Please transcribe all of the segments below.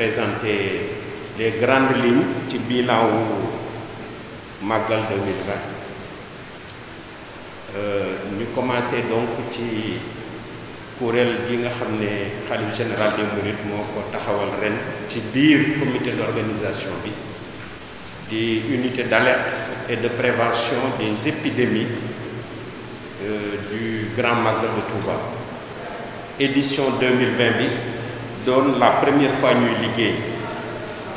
présenter les grandes lignes ci bilan wu màggal euh, ñu commencé donc ci kuréel gi nga xam ne xalif général des mourides moo ko taxawal ren ci biir comité d'organisation bi di unité d'alerte et de prévention des épidémies euh, du Grand Magal de Touba édition 2020 bi doon la première fois ñuy liggéey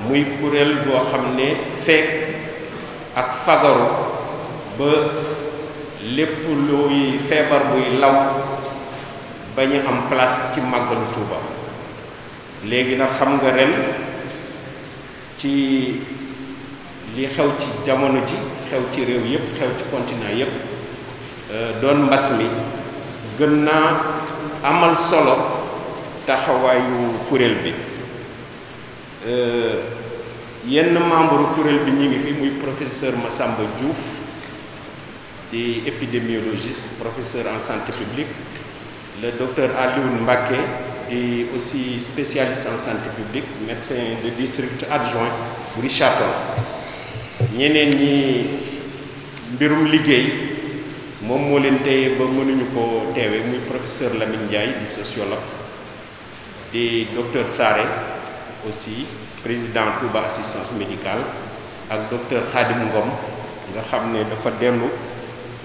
muy kuréel boo xam ne fekk ak fagaru ba lépp luy feebar buy law ba ñu am place ci màggalu Tuuba léegi nag xam nga ren ci li xew ci jamono ji xew ci réew yépp xew ci continent yépp euh, doon mbas mi gën naa amal solo taxawaayu kuréel bi euh, yenn membre kuréel bi ñu ngi fi muy professeur Massamba Diouf di épidémiologiste professeur en santé publique le docteur Alioune Mbacké di aussi spécialiste en santé publique médecin de district adjoint bu Richard Toll ñeneen ñi mbirum liggéey moom moo leen téye ba mënuñu ko teewee muy professeur Lamine Ndiaye di sociologue di docteur Saré aussi président Touba assistance médical ak docteur Khadim Ngom nga xam ne dafa dellu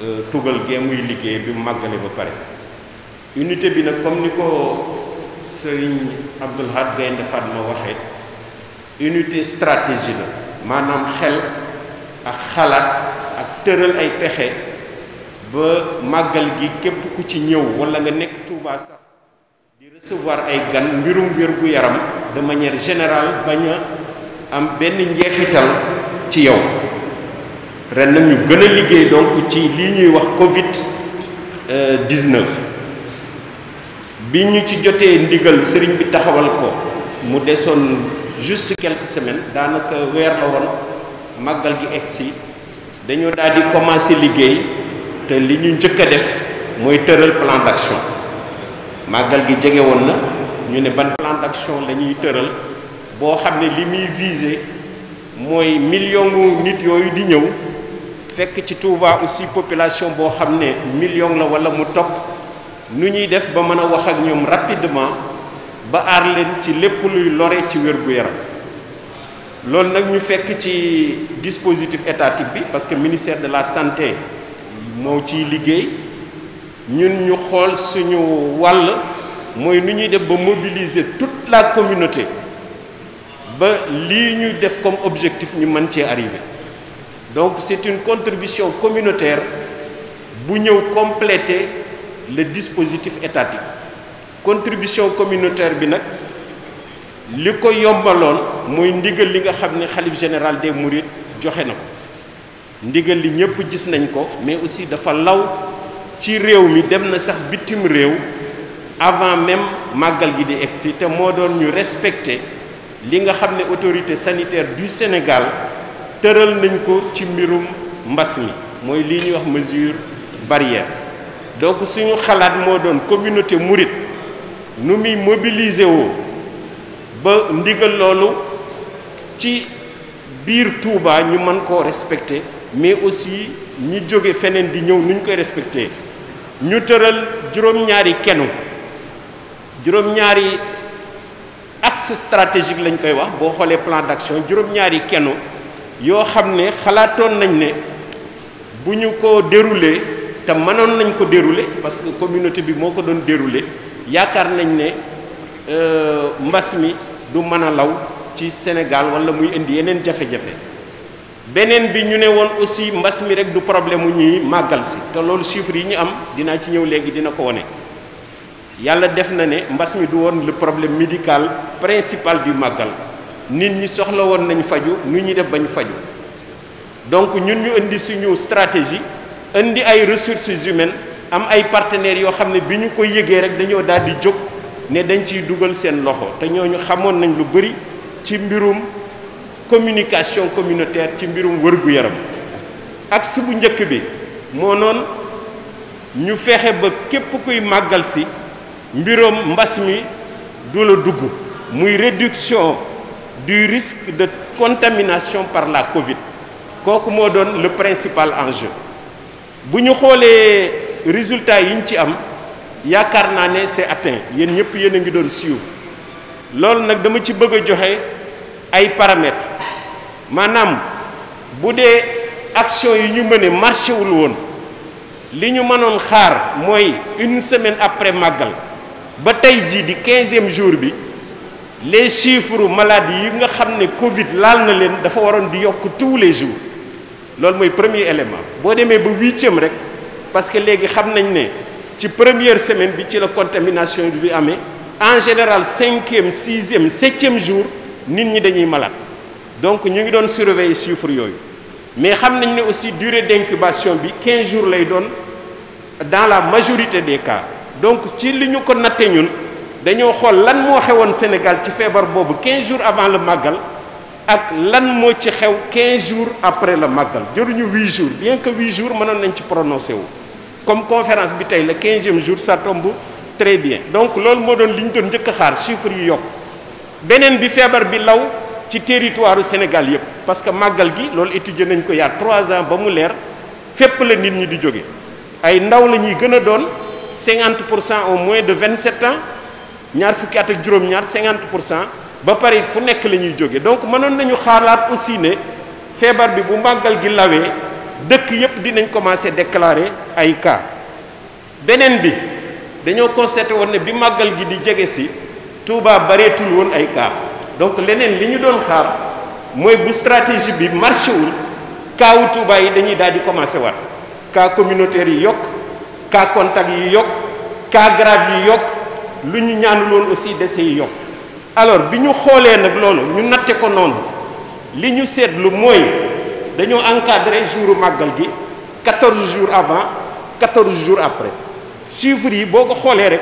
euh, tugal gee muy liggéey bi mu màggale ba pare unité bi nag comme ni ko Serigne Abdoul Ahad Gaynde Fatma waxee unité stratégie la maanaam xel ak xalaat ak tëral ay pexe ba màggal gi képp ku ci ñëw wala nga nekk Touba recevoir ay gan mbirum wér gu yaram de manière générale bañ a am benn njeexital ci yow ren nag ñu gën a liggéey donc ci lii ñuy wax Covid 19 bi ñu ci jotee ndigal sëriñ bi taxawal ko mu desoon juste quelques semaine daanaka weer la woon màggal gi egsi dañoo daal di commencer liggéey te li ñu njëkk a def mooy tëral plan d'action. màggal gi jege woon na ñu ne ban plan d'action la ñuy tëral boo xam ne li muy visé mooy million nit yooyu di ñëw fekk ci Touba aussi population boo xam ne million la wala mu topp nu ñuy def ba mën a wax ak ñoom rapidement ba aar leen ci lépp luy lore ci wér-gu-yaram loolu nag ñu fekk ci dispositif étatique bi parce que ministère de la santé moo ciy liggéey ñun ñu xool suñu wàll mooy nu ñuy def ba mobiliser toute la communauté ba lii ñu def comme objectif ñu mën cee arriver donc c'est une contribution communautaire bu ñëw compléter le dispositif étatique contribution communautaire bi nag li ko yombaloon mooy ndigal li nga xam ni xalif général des mourides joxe na ko ndigal li ñëpp gis nañ ko mais aussi dafa law ci réew mi dem na sax bitim réew avant même màggal gi di egsi te moo doon ñu respecté li nga xam ne autorité sanitaire du Sénégal tëral nañ ko ci mbirum mbas mi mooy lii ñuy wax mesure barrière donc suñu xalaat moo doon communauté mouride nu muy mobiliser woo ba ndigal loolu ci biir Touba ñu mën koo respecté mais aussi ñi jóge feneen di ñëw nuñ koy respecté ñu tëral juróom-ñaari kenu juróom-ñaari axe stratégique lañ koy wax boo xoolee plan d'action juróom-ñaari kenu yoo xam ne xalaatoon nañ ne bu ñu ko dérouler te mënoon nañ ko dérouler parce que communauté bi moo ko doon dérouler yaakaar nañ ne euh, mbas mi du mën a law ci Sénégal wala muy indi yeneen jafe-jafe beneen bi ñu ne woon aussi mbas mi rek du problème mu ñuy màggal si te loolu chiffre yi ñu am dinaa ci ñëw léegi dina ko wone yàlla def na ne mbas mi du woon le problème médical principal du màggal nit ñi soxla woon nañu faju nu ñuy def bañ faju donc ñun ñu indi suñu stratégie indi ay ressources humaines am ay partenaires yoo xam ne bi ñu ko yëgee rek dañoo daal di jóg ne dañ ciy dugal seen loxo te ñooñu xamoon nañ lu bëri ci mbirum communication communautaire ci mbirum wër-gu-yaram axe bu njëkk bi moo noon ñu feexe ba képp kuy màggal si mbirum mbas mi du la dugg muy réduction du risque de contamination par la Covid kooku moo doon le principal enjeu bu ñu xoolee résultats yi ñu ci am yaakaar naa ne c'est atteint yéen ñëpp yéen a ngi doon siiw loolu nag dama ci bëgg a joxe ay paramètres maanaam bu dee action yi ñu mëne marché wul woon li ñu mënoon xaar mooy une semaine après màggal ba tey jii di quinzième jour bi les chiffres maladies yi nga xam ne Covid laal na leen dafa waroon di yokk tous les jours loolu mooy premier élément boo demee ba huitième rek parce que léegi xam nañ ne ci première semaine bi ci la contamination bi amee en général cinquième sixième septième jour nit ñi dañuy malade. donc ñu ngi doon surveiller chiffres yooyu mais xam nañ ne aussi durée d'incubation bi quinze jours lay doon dans la majorité de cas donc ci li ñu ko natte ñun dañoo xool lan moo xewoon Sénégal ci feebar boobu quinze jours avant le màggal ak lan moo ci xew 15 jours après le màggal jëruñu 8 jours bien que 8 jours mënoon nañ ci prononcé wu comme conférence bi tey le 15e jour ça tombe très bien donc loolu moo doon li ñu doon njëkk a xaar chiffres yi yokk beneen bi feebar bi law ci territoire Sénégal yëpp parce que màggal gi loolu étudier nañ ko yaa trois ans ba mu leer fépp la nit ñi di jóge ay ndaw la ñuy gën a doon cinquante pour cent au moins de vingt sept ans ñaar fukki at ak juróom-ñaar cinquante pour cent ba pare fu nekk la ñuy jóge donc mënoon nañu xaalaat aussi ne feebar bi bu màggal gi lawee dëkk yëpp dinañ commencer déclarer ay cas beneen bi dañoo constaté woon ne bi màggal gi di jege si Touba bareetul woon ay cas donc leneen li ñu doon xaar mooy bu stratégie bi marché wul kaawu yi dañuy daal di commencé waat cas communautaire yi yokk cas kontak yi yokk cas grave yi yokk lu ñu ñaanul loon aussi décès yi yokk alors bi ñu xoolee nag loolu ñu natte ko noonu li ñu seetlu mooy dañoo encadré jouru màggal gi 14 jour avant 14 jours après chiffres yi boo ko xoolee rek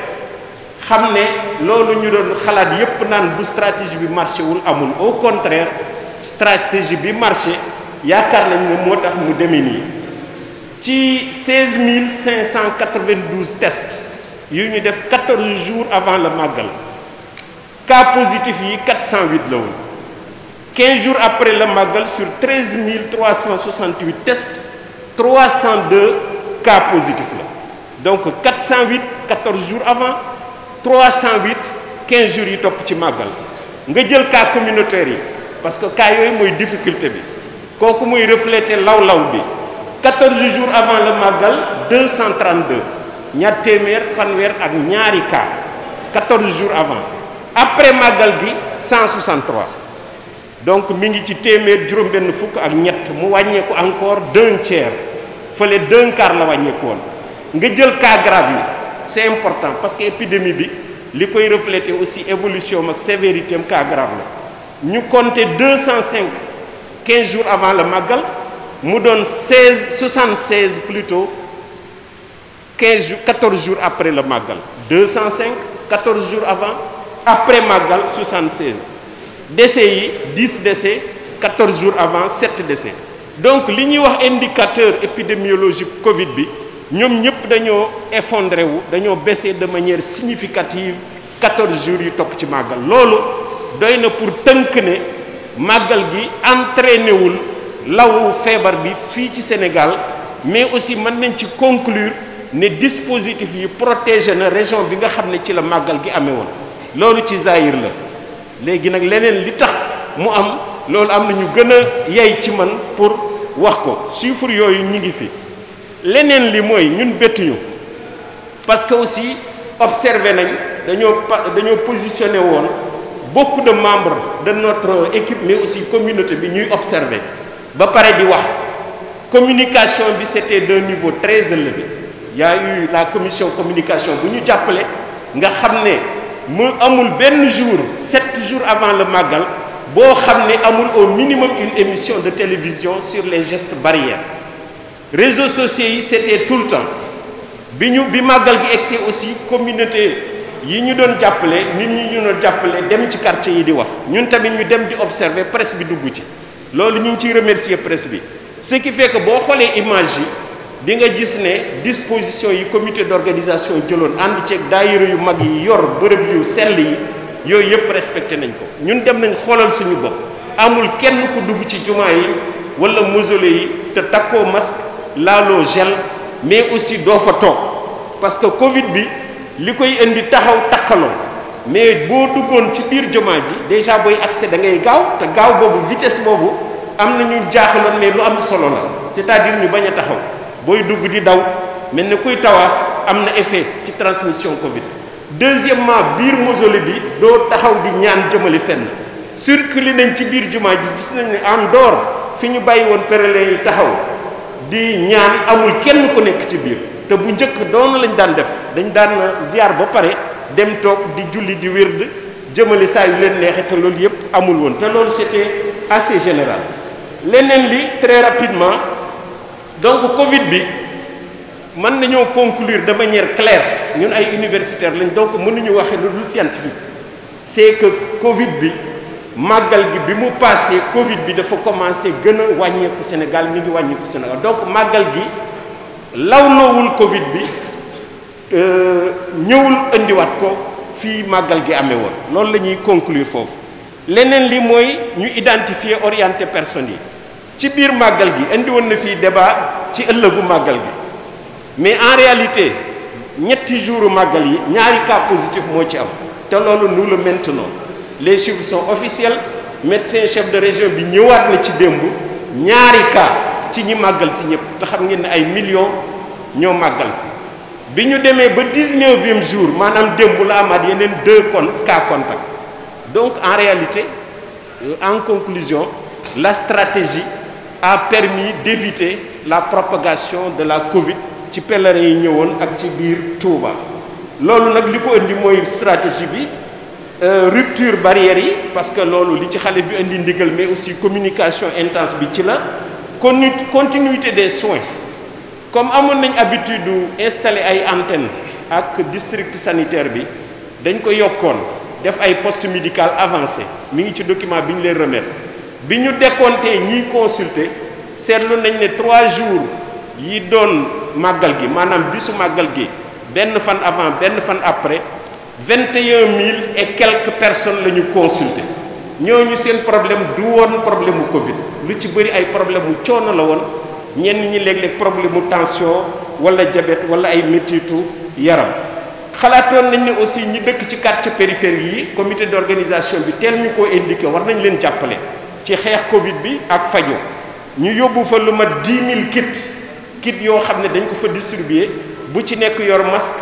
xam ne loolu ñu doon xalaat yépp naan bu stratégie bi marché wul amul au contraire stratégie bi marché yaakaar nañ ne moo tax mu demee nii ci 16592 tests yu ñu def 14 jours avant le màggal cas positif yi 408 la woon 15 jours après la màggal sur 13368 tests 302 cas positifs la donc 408 14 jours avant 308 15 jours yi topp ci màggal nga jël cas communautaire yi parce que cas yooyu mooy difficulté bi kooku muy reflété law-law bi 14 jours avant la màggal deux 232 ñaar téeméer fanweer ak ñaari cas 14 jours avant après màggal gi 163 donc mi ngi ci téeméer juróom-benn fukk ak ñett mu wàññeeku encore d'un tiers fële d'un quart la wàññeeku woon nga jël cas grave yi. c'est important parce que épidémie bi li koy refléter aussi évolution ak sévérité am cas grave la ñu compter 205 15 jours avant la màggal mu doon 16 76 plutôt 15 jours 14 jours après la màggal 205 14 jours avant après màggal 76 décès yi 10 décès 14 jours avant 7 décès donc li ñuy wax indicateur épidémiologique Covid bi. ñoom ñëpp dañoo effondré wu dañoo baissé de manière significative 14 jours yu topp ci màggal loolu doy na pour tënk ne màggal gi entraîné wul lawu feebar bi fii ci Sénégal mais aussi mën nañ ci conclure ne dispositif yi protégé na région bi nga xam ne ci la màggal gi amee woon loolu ci Zahir la léegi nag leneen li tax mu am loolu am na ñu gën a yey ci man pour wax ko chiffre yooyu ñu ngi fi. leneen li mooy ñun bettuñu parce que aussi observé nañ dañoo dañoo positionné woon bokk de membre de notre équipe mais aussi communauté bi ñuy observé ba pare di wax communication bi c'était d'un niveau très élevé il y a eu la commission communication bu ñu jàppale nga xam ne mu amul benn jour sept jours avant le màggal boo xam ne amul au minimum une émission de télévision sur les gestes barrières réseaux sociaux yi c'était tout le temps bi ñu bi màggal gi see aussi communauté yi ñu doon jàppale nit ñi ñu doon jàppale dem ci quartier yi di wax ñun tamit ñu dem di observer press bi dugg ci loolu ñu ngi ciy remercier presse bi ce qui fait que boo xoolee image yi di nga gis ne disposition yi comité d'organisation jëloon ànd ceeg daayira yu mag yi yor bërëb yu sell yi yooyu yëpp respecté nañ ko ñun dem nañ xoolal suñu bopp amul kenn ku dugg ci jumaa yi wala mausolée yi te takkoo masque laaloo gel mais aussi doo fa toog parce que Covid bi li koy indi taxaw takkaloo mais boo duggoon ci biir jumaa ji déjà booy accès da ngay gaaw te gaaw boobu vitesse boobu am na ñu jaaxaloon mais lu am solo la c'est-à-dire ñu bañ a taxaw booy dugg di daw mel ni kuy tawaaf am na effet ci transmission Covid. deuxièmement biir mausolée bi doo taxaw di ñaan jëmale fenn circuler nañ ci biir jumaa ji gis nañ ne en dehors fi ñu bàyyi woon pèlerins yi taxaw. di ñaan amul kenn ku nekk ci biir te bu njëkk doonu lañ daan def dañ daan ziar ba pare dem toog di julli di wérd jëmale saa yu leen neexee te loolu yépp amul woon te loolu c'était assez général leneen li très rapidement donc Covid bi mën nañoo conclure de manière claire ñun ay universitaire lañ doo ko mën mënuñu waxee lu dul scientifique c'est que Covid bi màggal gi bi mu passé Covid bi dafa commencé gën a wàññeeku Sénégal mi ngi wàññeeku Sénégal donc màggal gi law noowul Covid bi euh, ñëwul indiwaat ko fii màggal gi amee woon loolu la ñuy conclure foofu leneen li mooy ñu identifier orienté personnes yi ci biir màggal gi indi woon na fii débat ci ëllëgu màggal gi mais en réalité ñetti jours màggal yi ñaari cas positif moo ci am te loolu nous le maintenons les chiffres sont officiels médecin chef de région bi ñëwaat na ci démb ñaari cas ci ñi màggal si ñëpp te xam ngeen ne ay millions ñoo màggal si bi ñu demee ba dix-neuvième jour maanaam démb la amaat yeneen deux con cas contact donc en réalité euh, en conclusion la stratégie a permis d'éviter la propagation de la Covid ci pèlerin yi ñëwoon ak ci biir Touba loolu nag li ko indi mooy stratégie bi Euh, rupture barrière yi parce que loolu li ci xale bi indi ndigal mais aussi communication intense bi ci la conu continuité des soins comme amoon nañ habitude du installer ay antenne ak district sanitaire bi dañ ko yokkoon def ay poste médical avancé mi ngi ci document bi ñu leen remettre bi ñu décompté ñiy consulter seetlu nañ ne trois jours yi doon màggal gi maanaam bisu màggal gi benn fan avant benn fan après vingt et un mille et quelques personnes la ñu consulté ñooñu seen problème du woon problème mu Covid lu ci bëri ay problème mu coono la woon ñenn ñi léeg-léeg problème mu tension wala diabète wala ay métitu yaram xalaatoon nañ ne aussi ñi dëkk ci quartier périphérie yi comité d'organisation bi teel ñu koo indiqué war nañ leen jàppale ci xeex Covid bi ak fajo ñu yóbbu fa lu ma dix mille kits kits yoo xam ne dañ ko fa distribuer bu ci nekk yor masque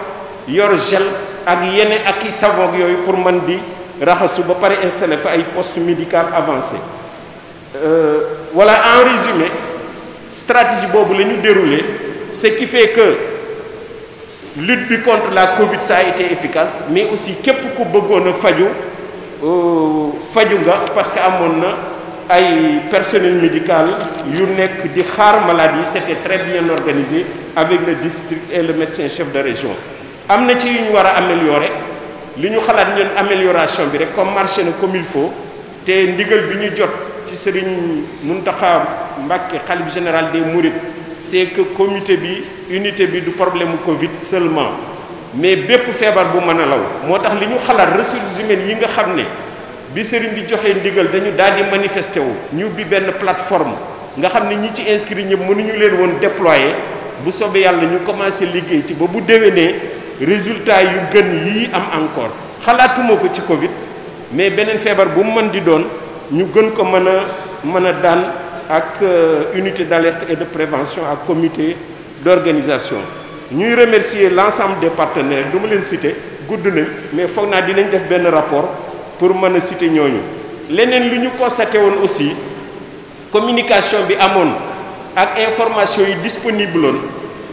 yor gel. ak yeneen ak i savon yooyu pour man di raxasu ba pare installé fa ay poste médical avancé euh, voilà en résumé stratégie boobu lañu ñu déroulé ce qui fait que lutte bi contre la Covid ça a été efficace mais aussi képp ku bëggoon a faju euh, faju nga parce que amoon na ay personnel médical yu nekk di xaar maladie c'était très bien organisé avec le district et le médecin chef de région am na ci yu ñu war a améliorer li ñu xalaat ñun amélioration bi rek comme marché na comme il faut te ndigal bi ñu jot ci sëriñ taxa Mbàkke xalif général des Mourides c'est que bi unité bi du problème mu Covid seulement mais bépp feebar bu mën a law moo tax li ñu xalaat ressources humaines yi nga xam ne bi sëriñ bi joxee ndigal dañu daal di manifesté wu ñu bi benn plateforme nga xam ne ñi ci inscrit ñëpp mënuñu leen woon déployer bu soobee yàlla ñu commencé liggéey ci ba bu résultat yu gën yii am encore xalaatuma ko ci Covid mais beneen feebar bu mu mën di doon ñu gën ko mën a mën a daan ak euh, unité d'alerte et de prévention ak comité d'organisation ñuy remercier l'ensemble des partenaires du leen citer gudd nañ mais foog naa dinañ def benn rapport pour mën a citer ñooñu leneen li ñu constaté woon aussi communication bi amoon ak information yi disponible woon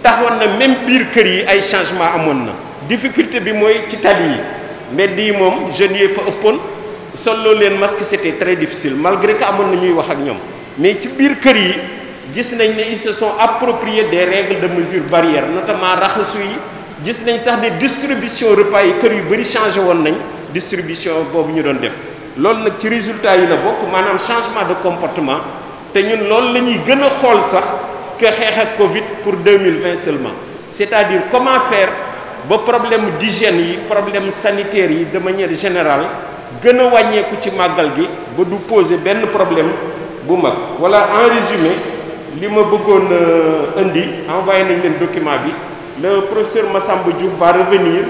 taxoon na même biir kër yi ay changement amoon na difficulté bi mooy ci tali yi mbedd yi moom jeunes yee fa ëppoon solo leen masque c'était très difficile malgré que amoon na ñuy wax ak ñoom mais ci biir kër yi gis nañ ne ils se sont des règles de mesure barrière notamment raxasu yi gis nañ sax ne distribution repas yi kër yu bëri changé woon nañ distribution boobu ñu doon def loolu nag ci résultat yi la bokk maanaam changement de comportement te ñun loolu la ñuy gën a xool sax que xeex ak Covid pour 2020 seulement cest a dire comment faire ba problème d'hygiène yi problème sanitaire yi de manière général gën a wàññeeku ci màggal gi ba du poser benn problème bu mag voilà en résumé li ma bëggoon euh, indi envoyé nañ leen document bi le professeur Massamba Diouf va revenir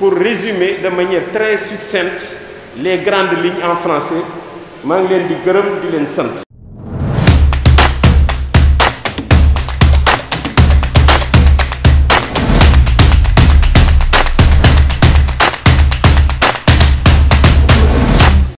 pour résumer de manière très succincte les grandes lignes en français maa ngi leen di gërëm di leen sant